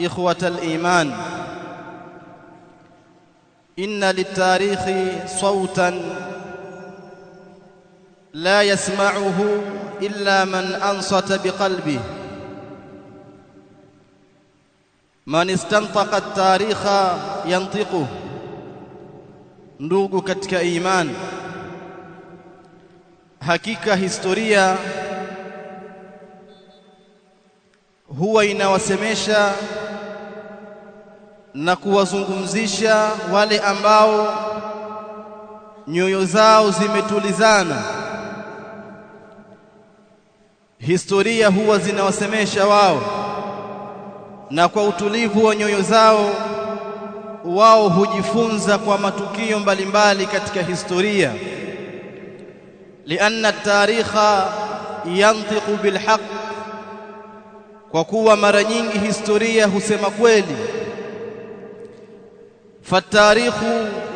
إخوة الإيمان إن للتاريخ صوتا لا يسمعه إلا من أنصت بقلبه من استنطق التاريخ ينطقه ndugu katika imani hakika historia huwa inawasemesha na kuwazungumzisha wale ambao nyoyo zao zimetulizana. Historia huwa zinawasemesha wao, na kwa utulivu wa nyoyo zao wao hujifunza kwa matukio mbalimbali katika historia. Lianna tarikha yantiqu bilhaq, kwa kuwa mara nyingi historia husema kweli. فالتاريخ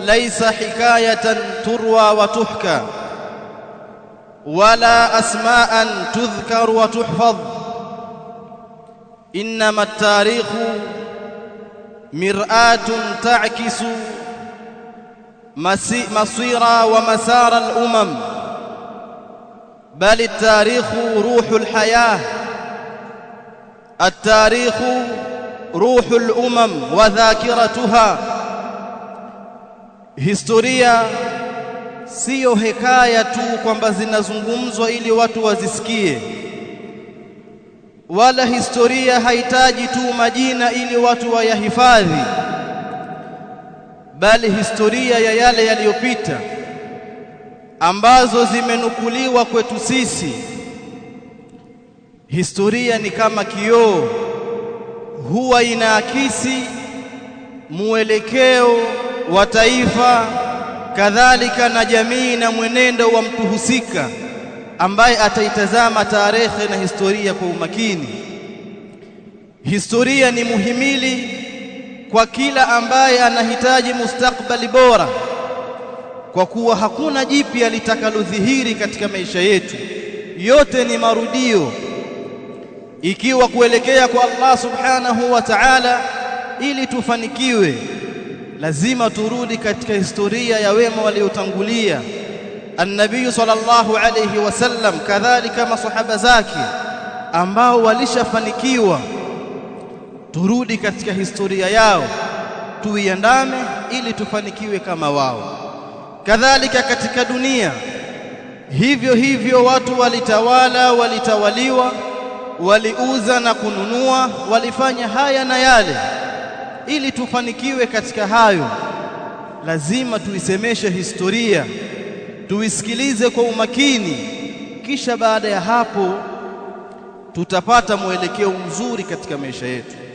ليس حكاية تروى وتحكى ولا أسماء تذكر وتحفظ إنما التاريخ مرآة تعكس مصير ومسار الأمم بل التاريخ روح الحياة التاريخ روح الأمم وذاكرتها Historia siyo hekaya tu kwamba zinazungumzwa ili watu wazisikie, wala historia haitaji tu majina ili watu wayahifadhi, bali historia ya yale yaliyopita ambazo zimenukuliwa kwetu sisi. Historia ni kama kioo, huwa inaakisi mwelekeo wa taifa, kadhalika na jamii na mwenendo wa mtu husika ambaye ataitazama tarehe na historia kwa umakini. Historia ni muhimili kwa kila ambaye anahitaji mustakbali bora, kwa kuwa hakuna jipya litakalodhihiri katika maisha yetu, yote ni marudio, ikiwa kuelekea kwa Allah subhanahu wa ta'ala, ili tufanikiwe lazima turudi katika historia ya wema waliotangulia. Annabii sallallahu alayhi wasallam, kadhalika masahaba zake ambao walishafanikiwa, turudi katika historia yao tuiandame ili tufanikiwe kama wao. Kadhalika katika dunia hivyo hivyo, watu walitawala, walitawaliwa, waliuza na kununua, walifanya haya na yale ili tufanikiwe katika hayo, lazima tuisemeshe historia, tuisikilize kwa umakini, kisha baada ya hapo tutapata mwelekeo mzuri katika maisha yetu.